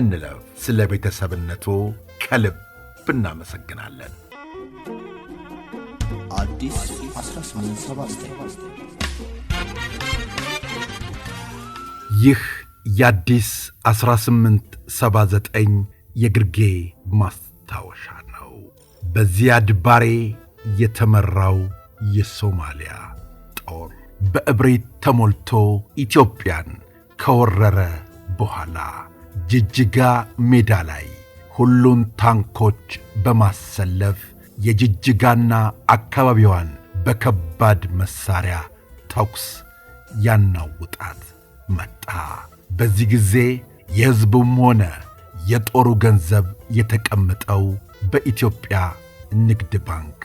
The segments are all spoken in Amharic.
እንለፍ። ስለ ቤተሰብነቱ ከልብ እናመሰግናለን። ይህ የአዲስ 1879 የግርጌ ማስታወሻ ነው። በዚያድ ባሬ የተመራው የሶማሊያ ጦር በእብሪት ተሞልቶ ኢትዮጵያን ከወረረ በኋላ ጅጅጋ ሜዳ ላይ ሁሉን ታንኮች በማሰለፍ የጅጅጋና አካባቢዋን በከባድ መሳሪያ ተኩስ ያናውጣት መጣ። በዚህ ጊዜ የሕዝቡም ሆነ የጦሩ ገንዘብ የተቀመጠው በኢትዮጵያ ንግድ ባንክ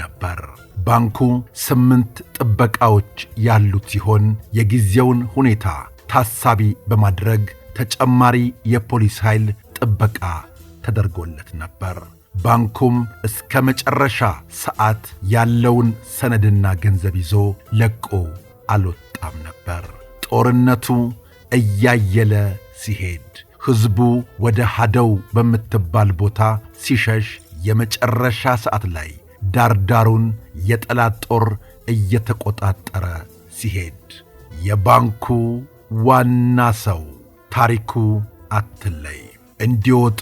ነበር። ባንኩ ስምንት ጥበቃዎች ያሉት ሲሆን የጊዜውን ሁኔታ ታሳቢ በማድረግ ተጨማሪ የፖሊስ ኃይል ጥበቃ ተደርጎለት ነበር። ባንኩም እስከ መጨረሻ ሰዓት ያለውን ሰነድና ገንዘብ ይዞ ለቆ አልወጣም ነበር። ጦርነቱ እያየለ ሲሄድ ሕዝቡ ወደ ሀደው በምትባል ቦታ ሲሸሽ የመጨረሻ ሰዓት ላይ ዳርዳሩን የጠላት ጦር እየተቆጣጠረ ሲሄድ የባንኩ ዋና ሰው ታሪኩ አትለይ እንዲወጡ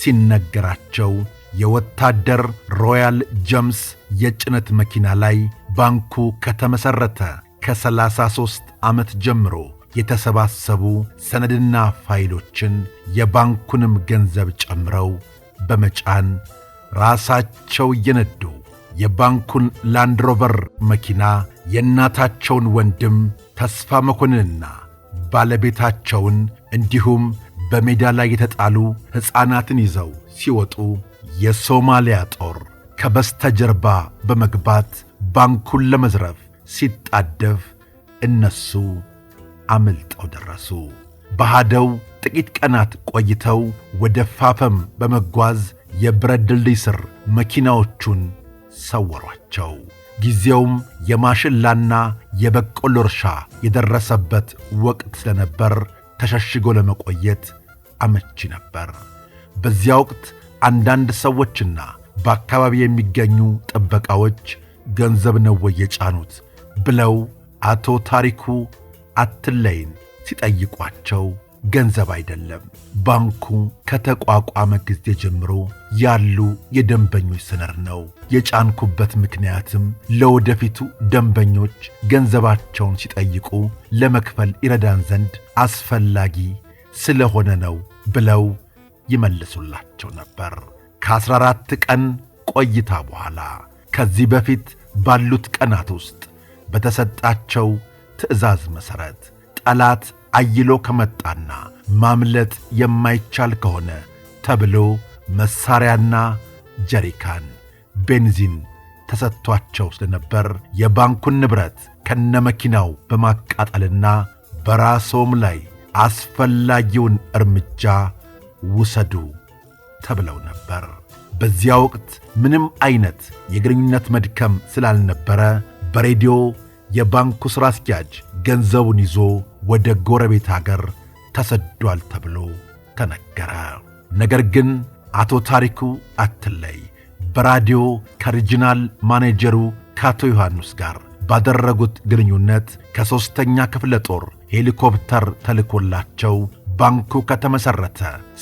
ሲነገራቸው የወታደር ሮያል ጀምስ የጭነት መኪና ላይ ባንኩ ከተመሠረተ ከ33 ዓመት ጀምሮ የተሰባሰቡ ሰነድና ፋይሎችን የባንኩንም ገንዘብ ጨምረው በመጫን ራሳቸው እየነዱ የባንኩን ላንድሮቨር መኪና የእናታቸውን ወንድም ተስፋ መኮንንና ባለቤታቸውን እንዲሁም በሜዳ ላይ የተጣሉ ሕፃናትን ይዘው ሲወጡ የሶማሊያ ጦር ከበስተጀርባ በመግባት ባንኩን ለመዝረፍ ሲጣደፍ እነሱ አምልጠው ደረሱ። በሃደው ጥቂት ቀናት ቆይተው ወደ ፋፈም በመጓዝ የብረት ድልድይ ስር መኪናዎቹን ሰወሯቸው። ጊዜውም የማሽላና የበቆሎ እርሻ የደረሰበት ወቅት ስለነበር ተሸሽጎ ለመቆየት አመቺ ነበር። በዚያ ወቅት አንዳንድ ሰዎችና በአካባቢ የሚገኙ ጥበቃዎች ገንዘብ ነው ወይ የጫኑት ብለው አቶ ታሪኩ አትለይን ሲጠይቋቸው ገንዘብ አይደለም። ባንኩ ከተቋቋመ ጊዜ ጀምሮ ያሉ የደንበኞች ስነር ነው። የጫንኩበት ምክንያትም ለወደፊቱ ደንበኞች ገንዘባቸውን ሲጠይቁ ለመክፈል ይረዳን ዘንድ አስፈላጊ ስለሆነ ነው ብለው ይመልሱላቸው ነበር። ከ14 ቀን ቆይታ በኋላ ከዚህ በፊት ባሉት ቀናት ውስጥ በተሰጣቸው ትዕዛዝ መሠረት ጠላት አይሎ ከመጣና ማምለጥ የማይቻል ከሆነ ተብሎ መሳሪያና ጀሪካን ቤንዚን ተሰጥቷቸው ስለነበር የባንኩን ንብረት ከነመኪናው በማቃጠልና በራስዎም ላይ አስፈላጊውን እርምጃ ውሰዱ ተብለው ነበር። በዚያ ወቅት ምንም አይነት የግንኙነት መድከም ስላልነበረ በሬዲዮ የባንኩ ሥራ አስኪያጅ ገንዘቡን ይዞ ወደ ጎረቤት አገር ተሰዷል ተብሎ ተነገረ። ነገር ግን አቶ ታሪኩ አትለይ በራዲዮ ከሪጂናል ማኔጀሩ ከአቶ ዮሐንስ ጋር ባደረጉት ግንኙነት ከሦስተኛ ክፍለ ጦር ሄሊኮፕተር ተልኮላቸው ባንኩ ከተመሠረተ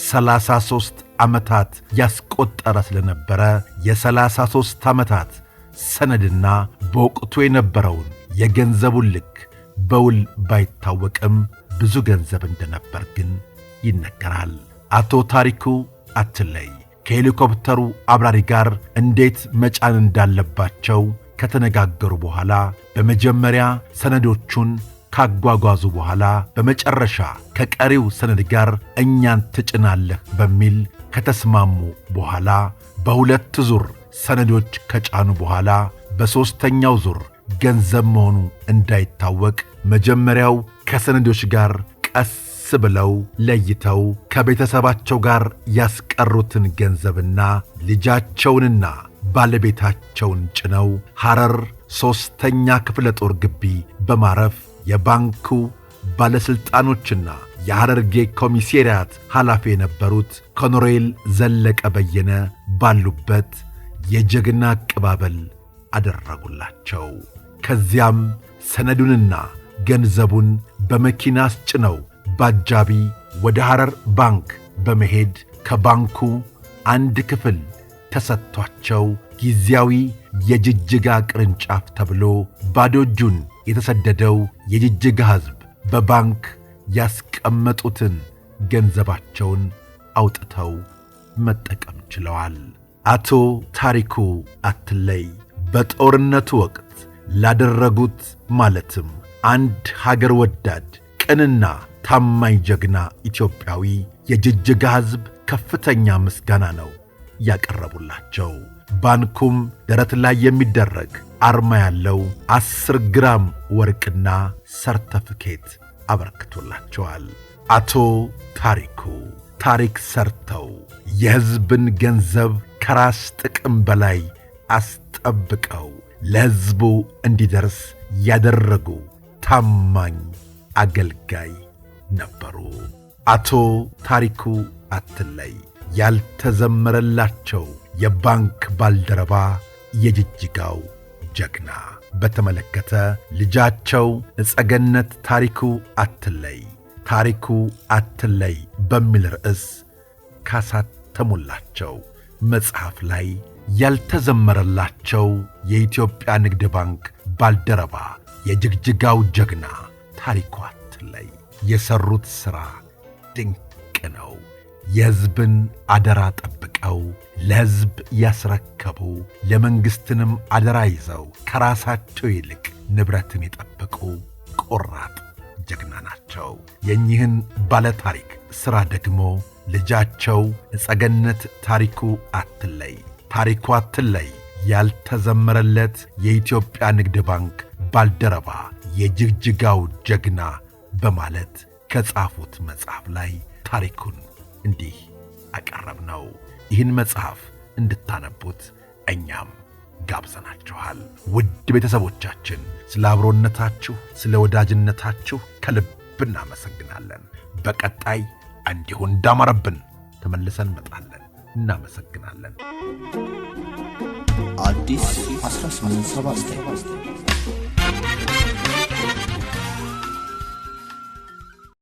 33 ዓመታት ያስቆጠረ ስለነበረ የ33 ዓመታት ሰነድና በወቅቱ የነበረውን የገንዘቡን ልክ በውል ባይታወቅም ብዙ ገንዘብ እንደነበር ግን ይነገራል። አቶ ታሪኩ አትለይ ከሄሊኮፕተሩ አብራሪ ጋር እንዴት መጫን እንዳለባቸው ከተነጋገሩ በኋላ በመጀመሪያ ሰነዶቹን ካጓጓዙ በኋላ በመጨረሻ ከቀሪው ሰነድ ጋር እኛን ትጭናለህ በሚል ከተስማሙ በኋላ በሁለት ዙር ሰነዶች ከጫኑ በኋላ በሦስተኛው ዙር ገንዘብ መሆኑ እንዳይታወቅ መጀመሪያው ከሰነዶች ጋር ቀስ ብለው ለይተው ከቤተሰባቸው ጋር ያስቀሩትን ገንዘብና ልጃቸውንና ባለቤታቸውን ጭነው ሐረር ሦስተኛ ክፍለ ጦር ግቢ በማረፍ የባንኩ ባለሥልጣኖችና የሐረርጌ ኮሚሴሪያት ኃላፊ የነበሩት ኮኖሬል ዘለቀ በየነ ባሉበት የጀግና አቀባበል አደረጉላቸው። ከዚያም ሰነዱንና ገንዘቡን በመኪና አስጭነው ባጃቢ ወደ ሐረር ባንክ በመሄድ ከባንኩ አንድ ክፍል ተሰጥቷቸው ጊዜያዊ የጅጅጋ ቅርንጫፍ ተብሎ ባዶ እጁን የተሰደደው የጅጅጋ ሕዝብ በባንክ ያስቀመጡትን ገንዘባቸውን አውጥተው መጠቀም ችለዋል። አቶ ታሪኩ አትለይ በጦርነቱ ወቅት ላደረጉት ማለትም አንድ ሀገር ወዳድ ቅንና ታማኝ ጀግና ኢትዮጵያዊ የጅጅጋ ሕዝብ ከፍተኛ ምስጋና ነው ያቀረቡላቸው። ባንኩም ደረት ላይ የሚደረግ አርማ ያለው አስር ግራም ወርቅና ሰርተፍኬት አበርክቶላቸዋል። አቶ ታሪኩ ታሪክ ሰርተው የሕዝብን ገንዘብ ከራስ ጥቅም በላይ አስጠብቀው ለሕዝቡ እንዲደርስ ያደረጉ ታማኝ አገልጋይ ነበሩ። አቶ ታሪኩ አትለይ ያልተዘመረላቸው የባንክ ባልደረባ የጅጅጋው ጀግና በተመለከተ ልጃቸው እጸገነት ታሪኩ አትለይ ታሪኩ አትለይ በሚል ርዕስ ካሳተሙላቸው መጽሐፍ ላይ ያልተዘመረላቸው የኢትዮጵያ ንግድ ባንክ ባልደረባ የጅግጅጋው ጀግና ታሪኩ ላይ የሠሩት ሥራ ድንቅ ነው። የሕዝብን አደራ ጠብቀው ለሕዝብ ያስረከቡ ለመንግሥትንም አደራ ይዘው ከራሳቸው ይልቅ ንብረትን የጠበቁ ቆራጥ ጀግና ናቸው። የእኚህን ባለታሪክ ሥራ ደግሞ ልጃቸው እጸገነት ታሪኩ አትለይ ታሪኳ አትለይ ያልተዘመረለት የኢትዮጵያ ንግድ ባንክ ባልደረባ የጅግጅጋው ጀግና በማለት ከጻፉት መጽሐፍ ላይ ታሪኩን እንዲህ አቀረብ ነው። ይህን መጽሐፍ እንድታነቡት እኛም ጋብዘናችኋል። ውድ ቤተሰቦቻችን ስለ አብሮነታችሁ፣ ስለ ወዳጅነታችሁ ከልብ እናመሰግናለን። በቀጣይ እንዲሁ እንዳማረብን ተመልሰን እንመጣለን። እናመሰግናለን። አዲስ 1879